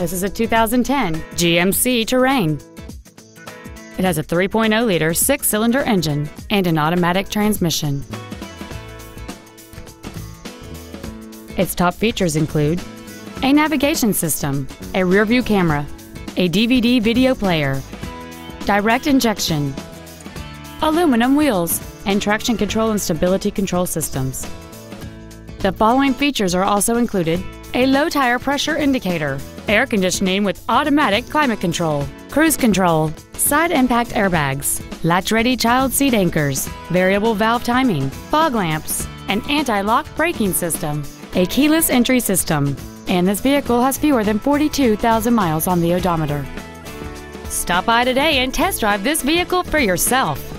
This is a 2010 GMC Terrain. It has a 3.0-liter six-cylinder engine and an automatic transmission. Its top features include a navigation system, a rear-view camera, a DVD video player, direct injection, aluminum wheels, and traction control and stability control systems. The following features are also included a low tire pressure indicator, air conditioning with automatic climate control, cruise control, side impact airbags, latch-ready child seat anchors, variable valve timing, fog lamps, an anti-lock braking system, a keyless entry system, and this vehicle has fewer than 42,000 miles on the odometer. Stop by today and test drive this vehicle for yourself.